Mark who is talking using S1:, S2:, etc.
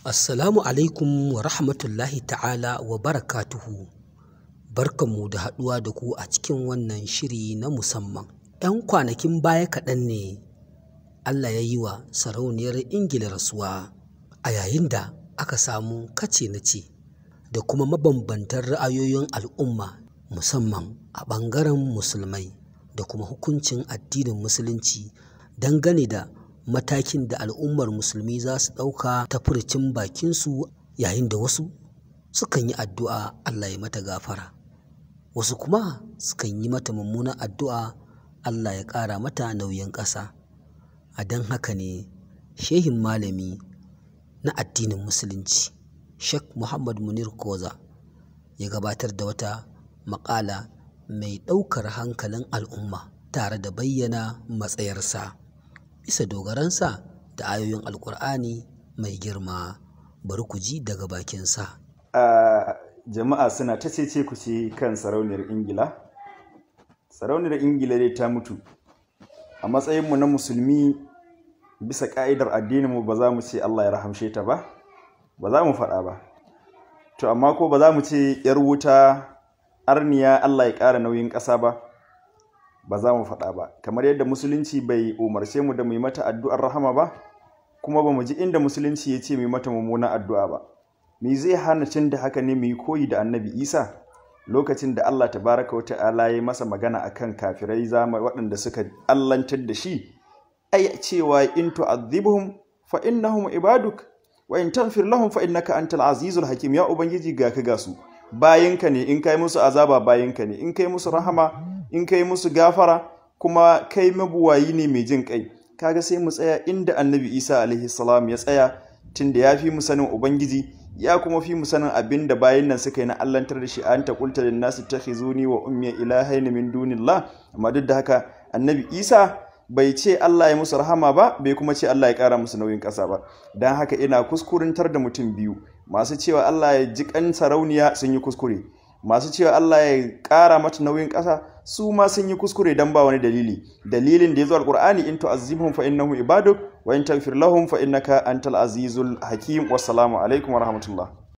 S1: Assalamu alaikum wa rahmatullahi ta'ala wa barakatuhu. Barkanmu da haɗuwa da ku a cikin wannan shiri na musamman. ‘Yan kwanakin baya kaɗan ne, Allah ya yi wa sarauniyar Ingila rasuwa a yayin da aka samu kace na ce da kuma mabambantar ra'ayoyin al'umma musamman a ɓangaren musulmai da kuma hukuncin addinin musulunci dangane da matakin da al'ummar musulmi za su ɗauka ta furcin bakinsu yayin da wasu sukan yi addu'a Allah ya mata gafara wasu kuma sukan yi mata mummunan addu'a Allah ya ƙara mata nauyin ƙasa a don haka ne shehin malami na addinin musulunci Sheikh Muhammad Munir Koza ya gabatar da wata maƙala mai ɗaukar hankalin al'umma tare da bayyana matsayarsa. bisa dogaransa da ayoyin alkur'ani mai girma bari ku ji daga bakinsa.
S2: jama'a suna ta cece ku ce kan sarauniyar ingila sarauniyar ingila dai ta mutu a matsayinmu na musulmi bisa ka'idar addininmu ba za mu ce allah ya rahamshe ta ba ba za mu faɗa ba to amma ko ba za mu ce yar wuta arniya allah ya ƙara nauyin ƙasa ba ba za mu faɗa ba kamar yadda musulunci bai umarce mu da mu yi mata addu'ar rahama ba kuma ba mu ji inda musulunci ya ce mu yi mata mummuna addu'a ba me zai hana cin da haka ne mu yi koyi da annabi isa lokacin da allah Ta baraka wa ta'ala ya masa magana a kan kafirai zama waɗanda suka allantar da shi ai cewa in tu'adhibhum fa innahum ibaduk wa in tanfir lahum fa innaka antal azizul hakim ya ubangiji ga ka ga su bayinka ne in kai musu azaba bayinka ne in kai musu rahama in kai musu gafara kuma kai mabuwayi ne mai jin kai kaga sai mu tsaya inda annabi isa alaihi salam ya tsaya tunda ya fi mu sanin ubangiji ya kuma fi mu sanin abin da bayan nan suka yi na allantar da shi an takulta da nasu ta zuni wa ummiya ilahaini min dunillah amma duk da haka annabi isa bai ce Allah ya musu rahama ba bai kuma ce Allah ya kara musu nauyin ƙasa ba don haka ina kuskurantar da mutum biyu masu cewa Allah ya ji kan sarauniya sun yi kuskure masu cewa Allah ya ƙara mata nauyin ƙasa su ma sun yi kuskure dan ba wani dalili dalilin da ya zo Alƙur'ani in tu'azzibhum fa innahum ibaduk wa in taghfir lahum fa innaka antal azizul hakim wassalamu alaikum wa rahmatullah